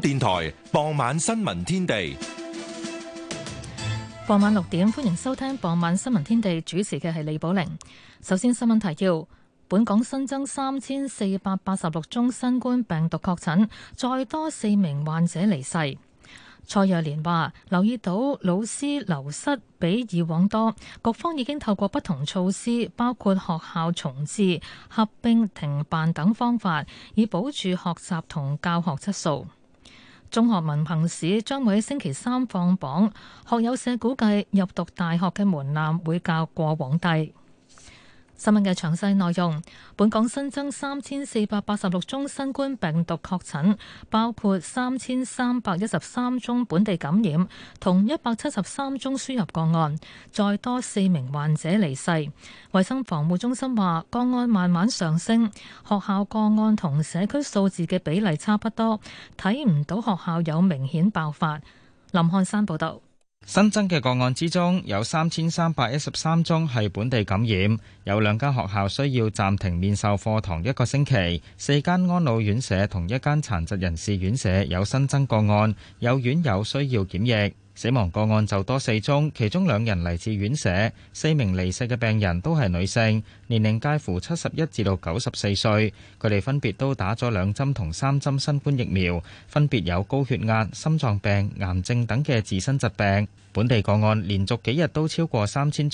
電台傍晚新聞天地，傍晚六點歡迎收聽。傍晚新聞天地主持嘅係李寶玲。首先，新聞提要：本港新增三千四百八十六宗新冠病毒確診，再多四名患者離世。蔡若蓮話：留意到老師流失比以往多，局方已經透過不同措施，包括學校重置、合併、停辦等方法，以保住學習同教學質素。中學文憑試將會喺星期三放榜，學友社估計入讀大學嘅門檻會較過往低。新聞嘅詳細內容，本港新增三千四百八十六宗新冠病毒確診，包括三千三百一十三宗本地感染，同一百七十三宗輸入個案，再多四名患者離世。衛生防護中心話，個案慢慢上升，學校個案同社區數字嘅比例差不多，睇唔到學校有明顯爆發。林漢山報導。新增嘅個案之中，有三千三百一十三宗係本地感染，有兩間學校需要暫停面授課堂一個星期，四間安老院舍同一間殘疾人士院舍有新增個案，有院友需要檢疫。死亡個案就多四宗，其中兩人嚟自院舍，四名離世嘅病人都係女性，年齡介乎七十一至到九十四歲。佢哋分別都打咗兩針同三針新冠疫苗，分別有高血壓、心臟病、癌症等嘅自身疾病。本地個案連續幾日都超過三千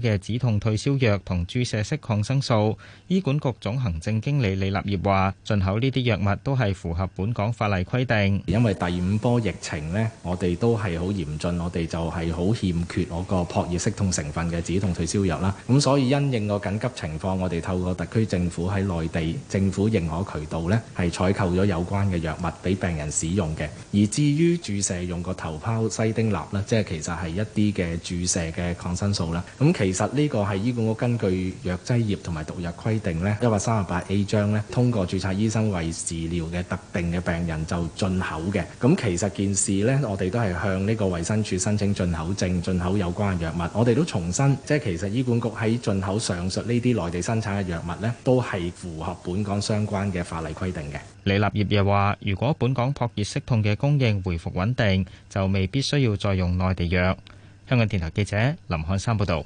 嘅止痛退燒藥同注射式抗生素，醫管局總行政經理李立業話，進口呢啲藥物都係符合本港法例規定。因為第五波疫情咧，我哋都係好嚴峻，我哋就係好欠缺 𠮶 個撲熱息痛成分嘅止痛退燒藥啦。咁所以因應個緊急情況，我哋透過特區政府喺內地政府認可渠道咧，係採購咗有關嘅藥物俾病人使用嘅。而至於注射用個頭孢西丁鈉咧，即係其實係一啲嘅注射嘅抗生素啦。咁其實呢個係醫管局根據藥劑業同埋毒藥規定咧，一百三十八 A 章咧，通過註冊醫生為治療嘅特定嘅病人就進口嘅。咁其實件事咧，我哋都係向呢個衛生署申請進口證，進口有關藥物。我哋都重申，即係其實醫管局喺進口上述呢啲內地生產嘅藥物咧，都係符合本港相關嘅法例規定嘅。李立業又話，如果本港撲熱息痛嘅供應回復穩定，就未必需要再用內地藥。香港電台記者林漢山報導。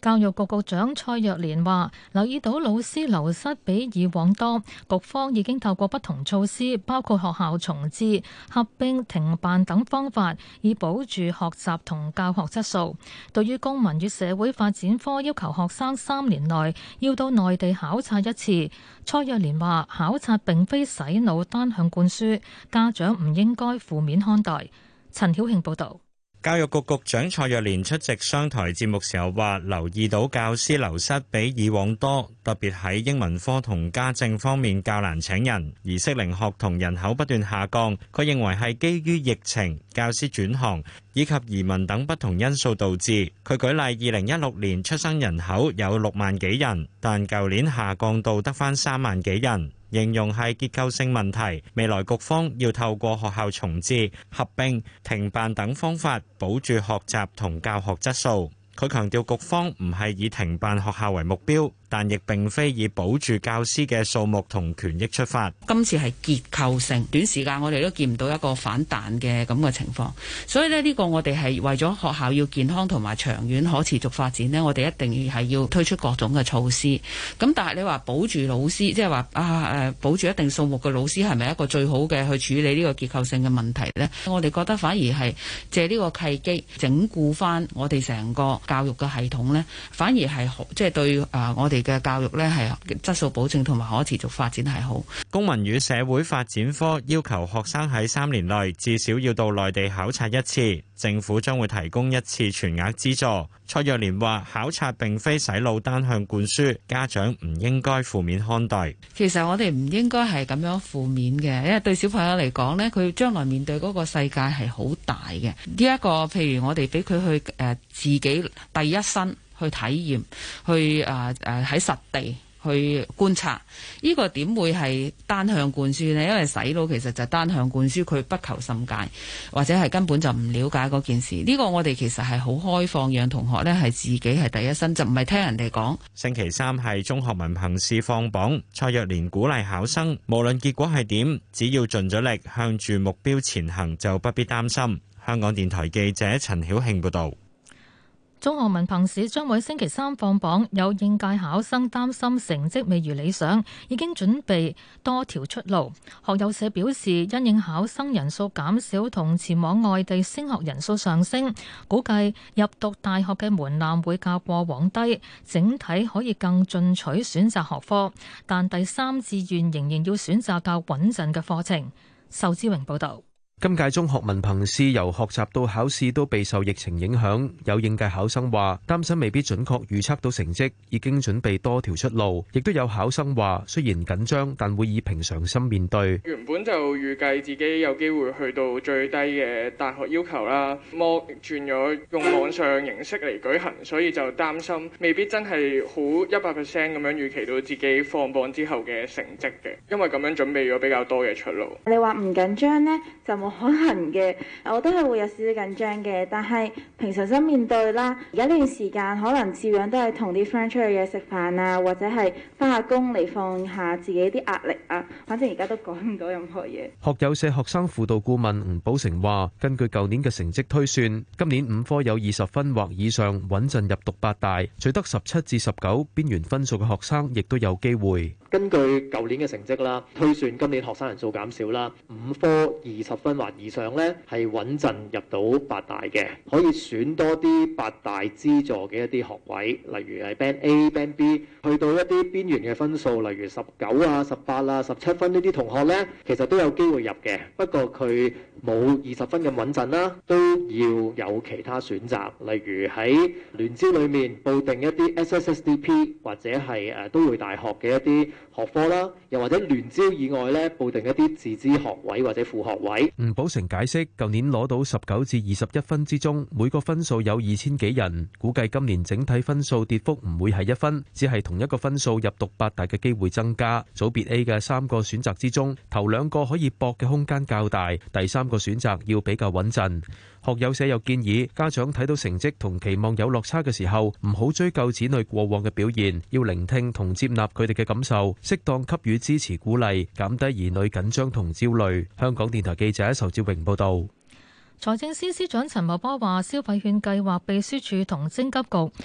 教育局局長蔡若蓮話：留意到老師流失比以往多，局方已經透過不同措施，包括學校重置、合併、停辦等方法，以保住學習同教學質素。對於公民與社會發展科要求學生三年內要到內地考察一次，蔡若蓮話：考察並非洗腦單向灌輸，家長唔應該負面看待。陳曉慶報道。教育局局長蔡若蓮出席商台節目時候話，留意到教師流失比以往多，特別喺英文科同家政方面較難請人，而適齡學童人口不斷下降。佢認為係基於疫情、教師轉行以及移民等不同因素導致。佢舉例，二零一六年出生人口有六萬幾人，但舊年下降到得返三萬幾人。形容係結構性問題，未來局方要透過學校重置、合併、停辦等方法，保住學習同教學質素。佢強調局方唔係以停辦學校為目標。但亦並非以保住教師嘅數目同權益出發，今次係結構性，短時間我哋都見唔到一個反彈嘅咁嘅情況，所以咧，呢個我哋係為咗學校要健康同埋長遠可持續發展咧，我哋一定要係要推出各種嘅措施。咁但係你話保住老師即係話啊誒保住一定數目嘅老師係咪一個最好嘅去處理呢個結構性嘅問題咧？我哋覺得反而係借呢個契機整固翻，我哋成個教育嘅系統咧，反而係即係對啊、呃、我哋。嘅教育呢，係質素保證同埋可持續發展係好。公民與社會發展科要求學生喺三年內至少要到內地考察一次，政府將會提供一次全額資助。蔡若蓮話考察並非洗腦單向灌輸，家長唔應該負面看待。其實我哋唔應該係咁樣負面嘅，因為對小朋友嚟講呢，佢將來面對嗰個世界係好大嘅。呢一個譬如我哋俾佢去誒自己第一身。去體驗，去啊誒喺實地去觀察，呢個點會係單向灌輸呢？因為洗腦其實就單向灌輸，佢不求甚解，或者係根本就唔了解嗰件事。呢個我哋其實係好開放，讓同學呢係自己係第一身，就唔係聽人哋講。星期三係中學文憑試放榜，蔡若蓮鼓勵考生，無論結果係點，只要盡咗力向住目標前行，就不必擔心。香港電台記者陳曉慶報導。中學文憑試將會星期三放榜，有應屆考生擔心成績未如理想，已經準備多條出路。學友社表示，因應考生人數減少同前往外地升學人數上升，估計入讀大學嘅門檻會較過往低，整體可以更進取選擇學科，但第三志願仍然要選擇較穩陣嘅課程。仇志榮報道。今屆中學文憑試由學習到考試都備受疫情影響，有應屆考生話擔心未必準確預測到成績，已經準備多條出路。亦都有考生話雖然緊張，但會以平常心面對。原本就預計自己有機會去到最低嘅大學要求啦，摸轉咗用網上形式嚟舉行，所以就擔心未必真係好一百 percent 咁樣預期到自己放榜之後嘅成績嘅，因為咁樣準備咗比較多嘅出路。你話唔緊張呢，就冇。可能嘅，我都係會有少少緊張嘅，但係平常心面對啦。而家呢段時間可能照樣都係同啲 friend 出去嘢食飯啊，或者係返下工嚟放下自己啲壓力啊。反正而家都講唔到任何嘢。學友社學生輔導顧問吳寶成話，根據舊年嘅成績推算，今年五科有二十分或以上穩陣入讀八大，取得十七至十九邊緣分數嘅學生亦都有機會。根據舊年嘅成績啦，推算今年學生人數減少啦，五科二十分或以上呢，係穩陣入到八大嘅，可以選多啲八大資助嘅一啲學位，例如係 Band A、Band B，去到一啲邊緣嘅分數，例如十九啊、十八啊、十七分呢啲同學呢，其實都有機會入嘅。不過佢冇二十分咁穩陣啦，都要有其他選擇，例如喺聯招裏面報定一啲 SSSDP 或者係誒都會大學嘅一啲。學科啦，又或者聯招以外呢，報定一啲自資學位或者副學位。吳寶成解釋，舊年攞到十九至二十一分之中，每個分數有二千幾人，估計今年整體分數跌幅唔會係一分，只係同一個分數入讀八大嘅機會增加。組別 A 嘅三個選擇之中，頭兩個可以搏嘅空間較大，第三個選擇要比較穩陣。學友社又建議家長睇到成績同期望有落差嘅時候，唔好追究子女過往嘅表現，要聆聽同接納佢哋嘅感受，適當給予支持鼓勵，減低兒女緊張同焦慮。香港電台記者仇志榮報道，財政司司長陳茂波話：消費券計劃秘書處同徵集局。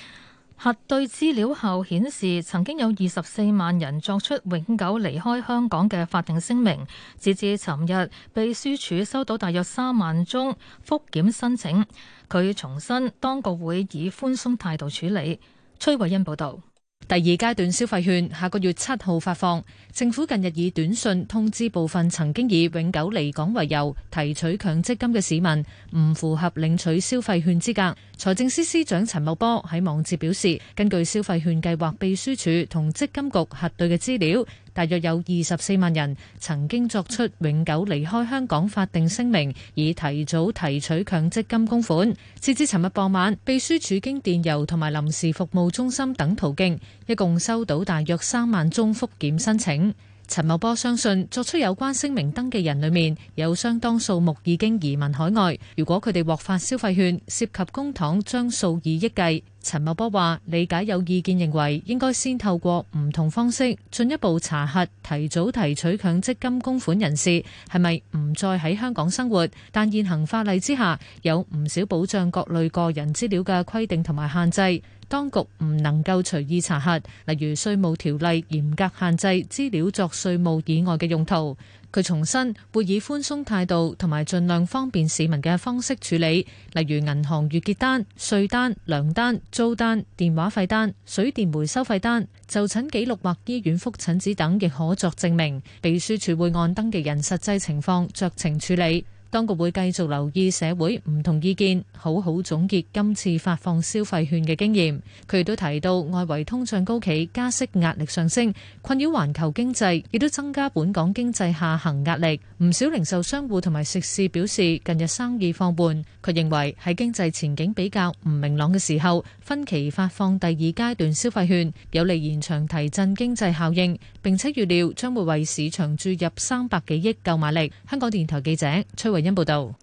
核對資料後顯示，曾經有二十四萬人作出永久離開香港嘅法定聲明。截至尋日，秘書處收到大約三萬宗復檢申請。佢重申，當局會以寬鬆態度處理。崔慧欣報導。第二階段消費券下個月七號發放，政府近日以短訊通知部分曾經以永久離港為由提取強積金嘅市民，唔符合領取消費券資格。財政司司長陳茂波喺網誌表示，根據消費券計劃秘書處同積金局核對嘅資料。大約有二十四萬人曾經作出永久離開香港法定聲明，以提早提取強積金供款。截至尋日傍晚，秘書處經電郵同埋臨時服務中心等途徑，一共收到大約三萬宗復檢申請。陳茂波相信，作出有關聲明登記人裏面有相當數目已經移民海外。如果佢哋獲發消費券，涉及公帑將數以億計。陳茂波話：理解有意見認為，應該先透過唔同方式進一步查核，提早提取強積金供款人士係咪唔再喺香港生活。但現行法例之下，有唔少保障各類個人資料嘅規定同埋限制，當局唔能夠隨意查核，例如稅務條例嚴格限制資料作稅務以外嘅用途。佢重申，會以寬鬆態度同埋盡量方便市民嘅方式處理，例如銀行月結單、稅單、糧單、租單、電話費單、水電煤收費單、就診記錄或醫院覆診紙等，亦可作證明。秘書處會按登記人實際情況酌情處理。當局會繼續留意社會唔同意見，好好總結今次發放消費券嘅經驗。佢亦都提到，外圍通脹高企、加息壓力上升，困擾環球經濟，亦都增加本港經濟下行壓力。唔少零售商戶同埋食肆表示，近日生意放緩。佢認為喺經濟前景比較唔明朗嘅時候，分期發放第二階段消費券，有利延長提振經濟效應，並且預料將會為市場注入三百幾億購買力。香港電台記者崔維。報道，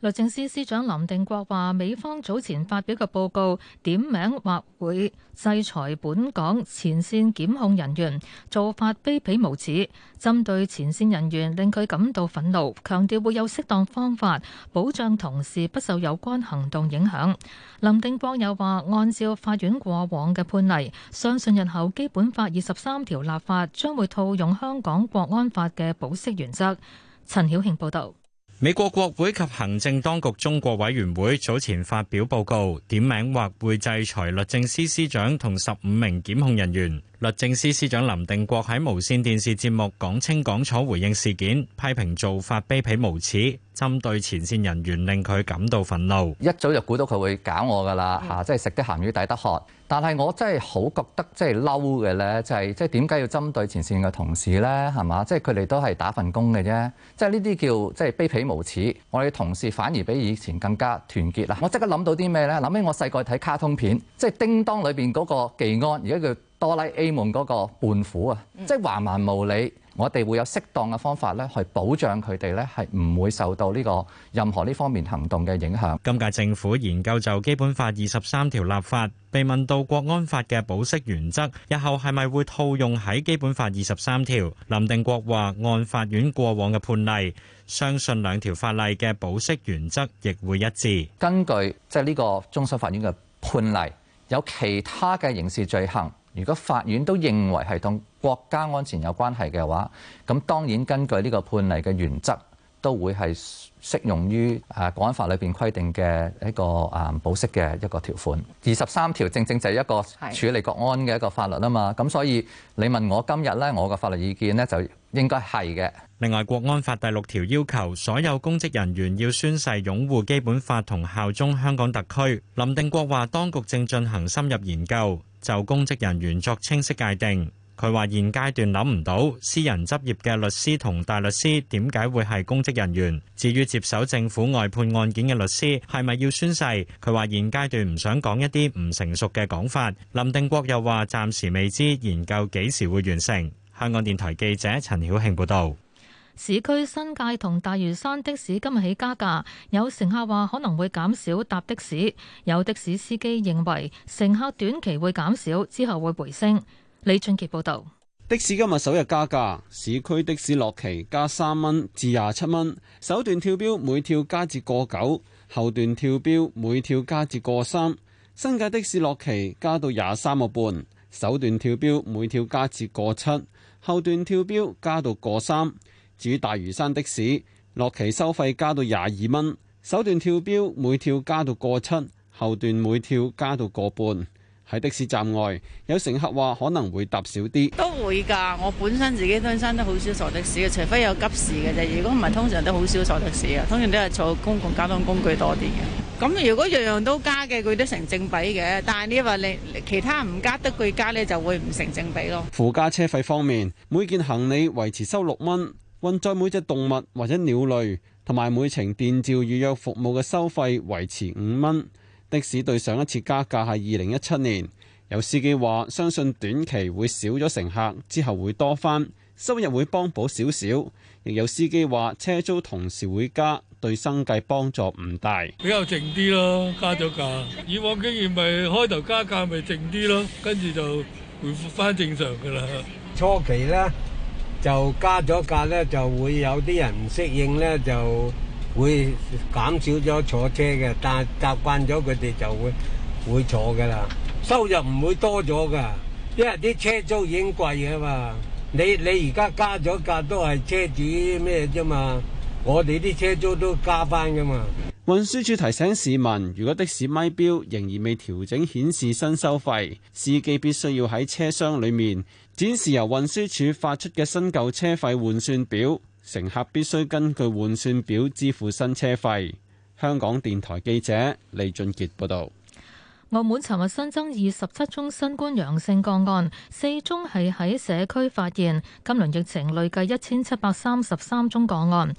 律政司司長林定國話，美方早前發表嘅報告點名或會制裁本港前線檢控人員，做法卑鄙無恥，針對前線人員令佢感到憤怒，強調會有適當方法保障同事不受有關行動影響。林定國又話，按照法院過往嘅判例，相信日後基本法二十三條立法將會套用香港國安法嘅保釋原則。陳曉慶報道。美國國會及行政當局中國委員會早前發表報告，點名或會制裁律政司司長同十五名檢控人員。律政司司長林定國喺無線電視節目講清講楚，回應事件，批評做法卑鄙無恥，針對前線人員令佢感到憤怒。一早就估到佢會搞我㗎喇吓，即係食得鹹魚抵得渴。但係我真係好覺得即係嬲嘅咧，就係即係點解要針對前線嘅同事咧？係嘛？即係佢哋都係打份工嘅啫。即係呢啲叫即係、就是、卑鄙無恥。我哋同事反而比以前更加團結啦。我即刻諗到啲咩咧？諗起我細個睇卡通片，即、就、係、是、叮當裏邊嗰個技安，而家叫，哆啦 A 門嗰個判苦啊，即係橫蠻無理，我哋會有適當嘅方法咧，去保障佢哋咧，係唔會受到呢個任何呢方面行動嘅影響。今屆政府研究就基本法二十三條立法，被問到《國安法》嘅保釋原則，日後係咪會套用喺基本法二十三條？林定國話：按法院過往嘅判例，相信兩條法例嘅保釋原則亦會一致。根據即係呢個終審法院嘅判例，有其他嘅刑事罪行。如果法院都認為係同國家安全有關係嘅話，咁當然根據呢個判例嘅原則，都會係適用於誒《國安法》裏邊規定嘅一個誒保釋嘅一個條款。二十三條正正就係一個處理國安嘅一個法律啊嘛。咁所以你問我今日呢，我嘅法律意見呢，就應該係嘅。另外，《國安法》第六條要求所有公職人員要宣誓擁護基本法同效忠香港特區。林定國話，當局正進行深入研究。就公職人員作清晰界定，佢話現階段諗唔到私人執業嘅律師同大律師點解會係公職人員，至於接手政府外判案件嘅律師係咪要宣誓，佢話現階段唔想講一啲唔成熟嘅講法。林定國又話暫時未知研究幾時會完成。香港電台記者陳曉慶報道。市區新界同大嶼山的士今日起加價，有乘客話可能會減少搭的士。有的士司機認為乘客短期會減少，之後會回升。李俊傑報導。的士今日首日加價，市區的士落旗加三蚊至廿七蚊，首段跳標每跳加至過九，後段跳標每跳加至過三。新界的士落旗加到廿三個半，首段跳標每跳加至過七，後段跳標加到過三。至於大嶼山的士落旗收費加到廿二蚊，首段跳錶每跳加到個七，後段每跳加到個半。喺的士站外有乘客話可能會搭少啲，都會㗎。我本身自己登山都好少坐的士嘅，除非有急事嘅啫。如果唔係，通常都好少坐的士啊，通常都係坐公共交通工具多啲嘅。咁如果樣樣都加嘅，佢都成正比嘅。但係呢話你其他唔加得佢加咧，就會唔成正比咯。附加車費方面，每件行李維持收六蚊。運載每隻動物或者鳥類同埋每程電召預約服務嘅收費維持五蚊。的士對上一次加價係二零一七年。有司機話：相信短期會少咗乘客，之後會多返，收入會幫補少少。亦有司機話：車租同時會加，對生計幫助唔大。比較靜啲咯，加咗價。以往經驗咪開頭加價咪靜啲咯，跟住就回復返正常㗎啦。初期咧。就加咗價咧，就會有啲人唔適應咧，就會減少咗坐車嘅。但係習慣咗佢哋就會會坐㗎啦。收入唔會多咗㗎，因為啲車租已經貴啊嘛。你你而家加咗價都係車主咩啫嘛？我哋啲車租都加返㗎嘛。運輸署提醒市民，如果的士咪表仍然未調整顯示新收費，司機必須要喺車廂裡面。展示由運輸署發出嘅新舊車費換算表，乘客必須根據換算表支付新車費。香港電台記者李俊傑報導。澳門尋日新增二十七宗新冠陽性個案，四宗係喺社區發現，今輪疫情累計一千七百三十三宗個案。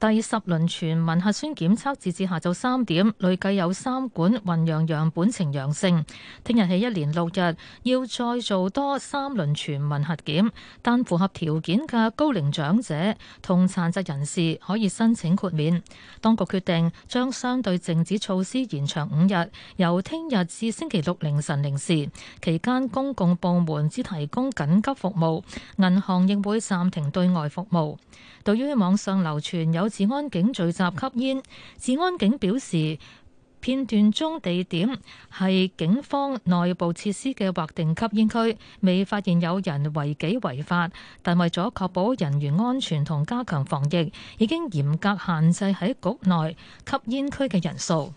第十輪全民核酸檢測截至，至下晝三點，累計有三管混陽樣本呈陽性。聽日起一連六日要再做多三輪全民核檢，但符合條件嘅高齡長者同殘疾人士可以申請豁免。當局決定將相對靜止措施延長五日，由聽日至星期六凌晨零時。期間公共部門只提供緊急服務，銀行亦會暫停對外服務。對於網上流傳有治安警聚集吸煙，治安警表示片段中地點係警方內部設施嘅劃定吸煙區，未發現有人違紀違法，但為咗確保人員安全同加強防疫，已經嚴格限制喺局內吸煙區嘅人數。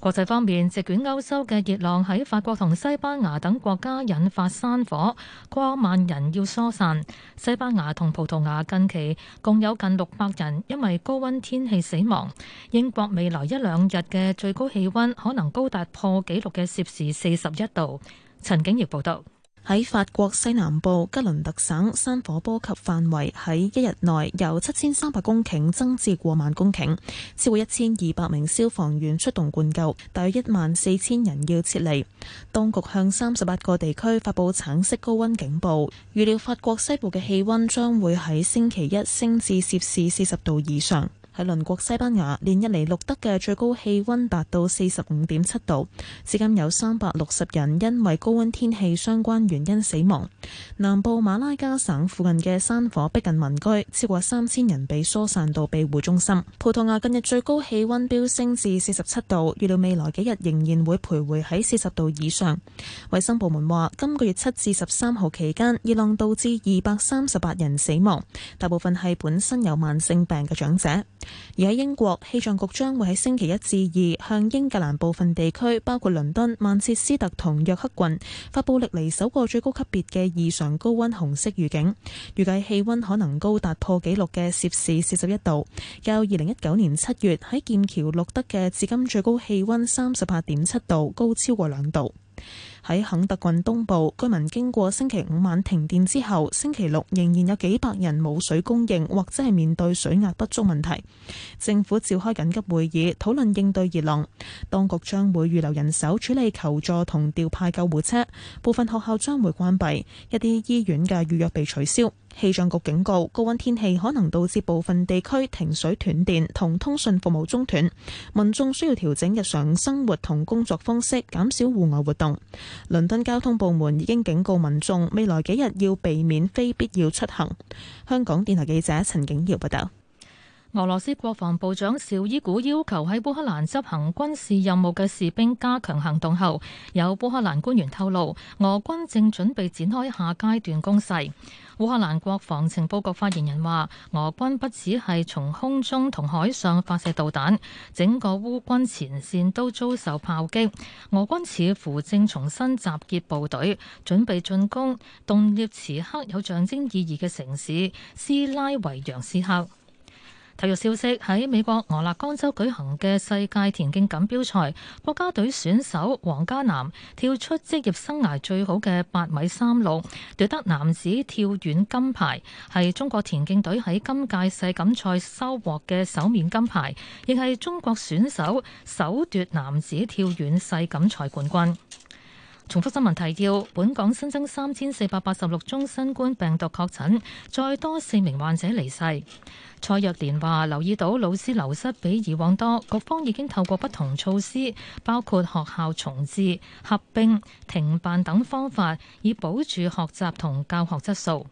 國際方面，席捲歐洲嘅熱浪喺法國同西班牙等國家引發山火，過萬人要疏散。西班牙同葡萄牙近期共有近六百人因為高温天氣死亡。英國未來一兩日嘅最高氣溫可能高達破紀錄嘅攝氏四十一度。陳景業報道。喺法國西南部吉倫特省山火波及範圍喺一日內由七千三百公頃增至過萬公頃，超過一千二百名消防員出動灌救，大約一萬四千人要撤離。當局向三十八個地區發布橙色高温警報，預料法國西部嘅氣温將會喺星期一升至攝氏四十度以上。喺鄰國西班牙，連日嚟錄得嘅最高氣溫達到四十五點七度。至今有三百六十人因為高溫天氣相關原因死亡。南部馬拉加省附近嘅山火逼近民居，超過三千人被疏散到庇護中心。葡萄牙近日最高氣溫飆升至四十七度，預料未來幾日仍然會徘徊喺四十度以上。衛生部門話，今個月七至十三號期間，熱浪導致二百三十八人死亡，大部分係本身有慢性病嘅長者。而喺英國，氣象局將會喺星期一至二向英格蘭部分地區，包括倫敦、曼徹斯特同約克郡，發布歷嚟首個最高級別嘅異常高温紅色預警。預計氣温可能高達破紀錄嘅攝氏四十一度，較二零一九年七月喺劍橋錄得嘅至今最高氣温三十八點七度高超過兩度。喺肯特郡東部，居民經過星期五晚停電之後，星期六仍然有幾百人冇水供應，或者係面對水壓不足問題。政府召開緊急會議討論應對熱浪，當局將會預留人手處理求助同調派救護車。部分學校將會關閉，一啲醫院嘅預約被取消。氣象局警告，高溫天氣可能導致部分地區停水斷電同通訊服務中斷，民眾需要調整日常生活同工作方式，減少戶外活動。倫敦交通部門已經警告民眾，未來幾日要避免非必要出行。香港電台記者陳景耀報道。俄羅斯國防部長邵伊古要求喺烏克蘭執行軍事任務嘅士兵加強行動後，有烏克蘭官員透露，俄軍正準備展開下階段攻勢。烏克蘭國防情報局發言人話：俄軍不只係從空中同海上發射導彈，整個烏軍前線都遭受炮擊。俄軍似乎正重新集結部隊，準備進攻頓涅茨克有象徵意義嘅城市，斯拉維揚斯克。體育消息：喺美國俄勒岡州舉行嘅世界田徑錦標賽，國家隊選手王嘉男跳出職業生涯最好嘅八米三六，奪得男子跳遠金牌，係中國田徑隊喺今屆世錦賽收穫嘅首面金牌，亦係中國選手首奪男子跳遠世錦賽冠軍。重複新聞提要：本港新增三千四百八十六宗新冠病毒確診，再多四名患者離世。蔡若蓮話：留意到老師流失比以往多，局方已經透過不同措施，包括學校重置、合併、停辦等方法，以保住學習同教學質素。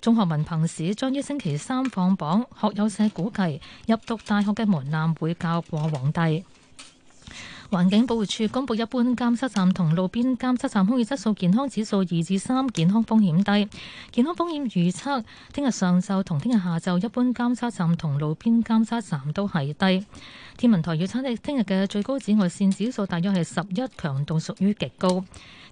中學文憑試將於星期三放榜，學友社估計入讀大學嘅門檻會較過往低。環境保護署公布一般監測站同路邊監測站空氣質素健康指數二至三，健康風險低。健康風險預測聽日上晝同聽日下晝一般監測站同路邊監測站都係低。天文台預測聽日嘅最高紫外線指數大約係十一，強度屬於極高。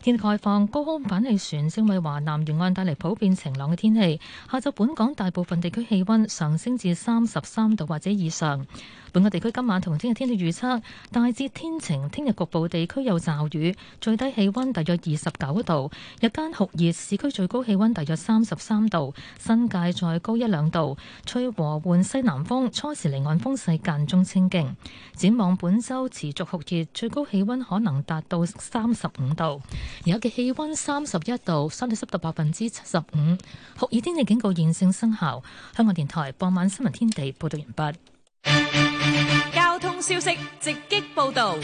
天氣概況：高空反氣旋正為華南沿岸帶嚟普遍晴朗嘅天氣。下晝本港大部分地區氣溫上升至三十三度或者以上。本港地區今晚同聽日天氣預測，大致天晴，聽日局部地區有驟雨，最低氣溫大約二十九度，日間酷熱，市區最高氣溫大約三十三度，新界再高一兩度，吹和緩西南風，初時離岸風勢間中清勁，展望本週持續酷熱，最高氣溫可能達到三十五度，而家嘅氣溫三十一度，相對濕度百分之七十五，酷熱天氣警告現正生效。香港電台傍晚新聞天地報道完畢。消息直擊報道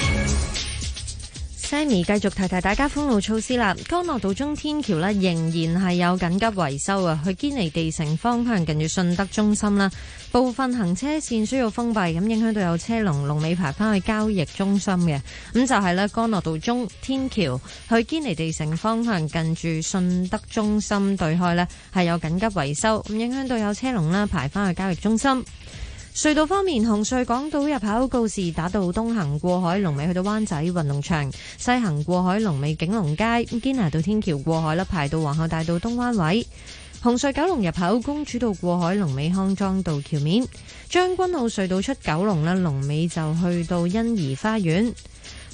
，Sammy 繼續提提大家封路措施啦。干諾道中天橋咧仍然係有緊急維修啊，去堅尼地城方向近住信德中心啦，部分行車線需要封閉，咁影響到有車龍龍尾排翻去交易中心嘅。咁就係呢，干諾道中天橋去堅尼地城方向近住信德中心對開呢，係有緊急維修，咁影響到有車龍啦排翻去交易中心。隧道方面，紅隧港島入口告士打道東行過海龍尾去到灣仔運動場，西行過海龍尾景隆街，堅拿道天橋過海啦，排到皇后大道東彎位。紅隧九龍入口，公主道過海，龍尾康莊道橋面，將軍澳隧道出九龍啦，龍尾就去到欣怡花園。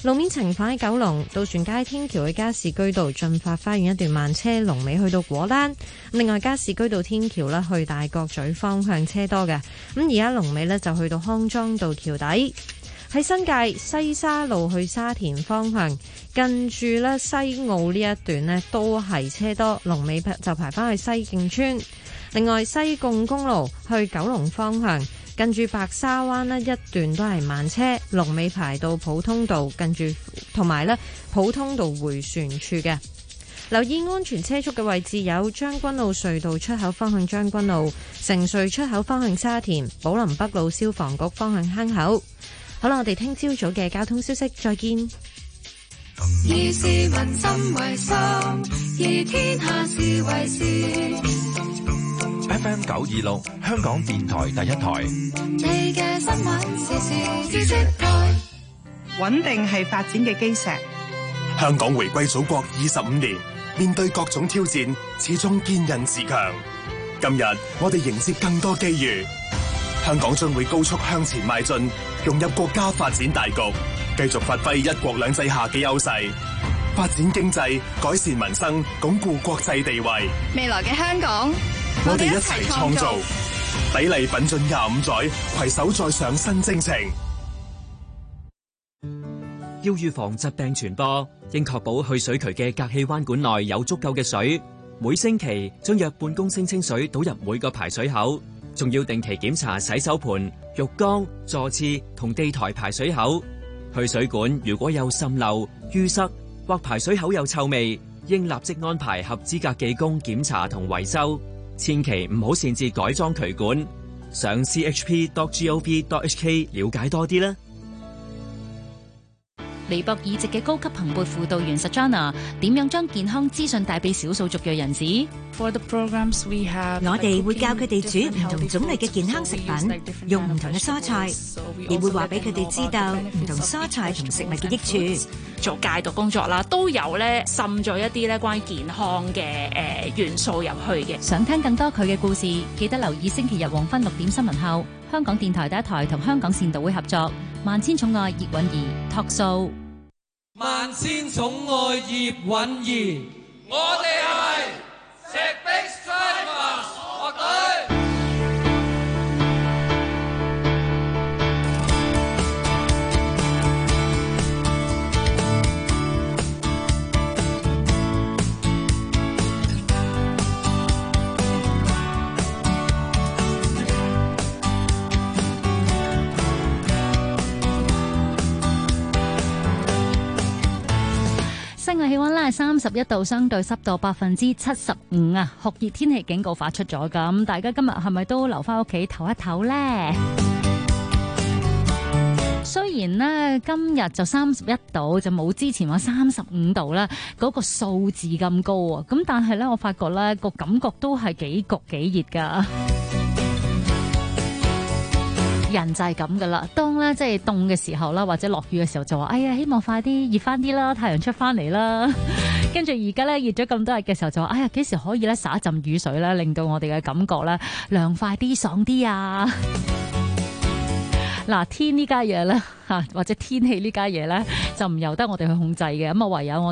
路面情況喺九龍，渡船街天橋去加士居道駿發花園一段慢車，龍尾去到果欄。另外，加士居道天橋咧去大角咀方向車多嘅，咁而家龍尾咧就去到康莊道橋底。喺新界西沙路去沙田方向，近住咧西澳呢一段呢都係車多，龍尾就排翻去西徑村。另外，西貢公路去九龍方向，近住白沙灣呢一段都係慢車，龍尾排到普通道近住，同埋咧普通道回旋處嘅。留意安全車速嘅位置有將軍澳隧道出口方向將軍澳，城隧出口方向沙田，寶林北路消防局方向坑口。好啦，我哋聽朝早嘅交通消息，再見。以市民心為心，以天下事為事。FM 九二六，香港電台第一台。你嘅新聞時時資訊台。穩定係發展嘅基石。香港回歸祖國二十五年，面對各種挑戰，始終堅韌自強。今日我哋迎接更多機遇，香港將會高速向前邁進，融入國家發展大局，繼續發揮一國兩制下嘅優勢，發展經濟，改善民生。仲要定期檢查洗手盆、浴缸、坐廁同地台排水口。去水管如果有滲漏、淤塞或排水口有臭味，應立即安排合資格技工檢查同維修。千祈唔好擅自改裝渠管。上 chp.gov.hk 了解多啲啦。尼泊爾籍嘅高級朋輩輔導員 Sajana 點樣將健康資訊帶俾少數族裔人士？我哋會教佢哋煮唔同種類嘅健康食品，用唔同嘅蔬菜，亦會話俾佢哋知道唔同蔬菜同食物嘅益處。做戒毒工作啦，都有咧滲咗一啲咧關於健康嘅誒元素入去嘅。想聽更多佢嘅故事，記得留意星期日黃昏六點新聞後，香港電台第一台同香港善導會合作《萬千寵愛葉允儀》talk show。萬千寵愛葉韻兒，我哋。我今日氣溫啦係三十一度，相對濕度百分之七十五啊，酷熱天氣警告發出咗㗎。咁大家今日係咪都留返屋企唞一唞呢？雖然呢今日就三十一度，就冇之前話三十五度啦，嗰個數字咁高啊，咁但係咧我發覺咧個感覺都係幾焗幾熱噶。人就係咁噶啦，當咧即係凍嘅時候啦，或者落雨嘅時候就話：哎呀，希望快啲熱翻啲啦，太陽出翻嚟啦。跟住而家咧熱咗咁多日嘅時候就話：哎呀，幾時可以咧灑一浸雨水咧，令到我哋嘅感覺咧涼快啲、爽啲啊。嗱， 天呢家嘢咧吓，或者天氣呢家嘢咧就唔由得我哋去控制嘅，咁啊唯有我。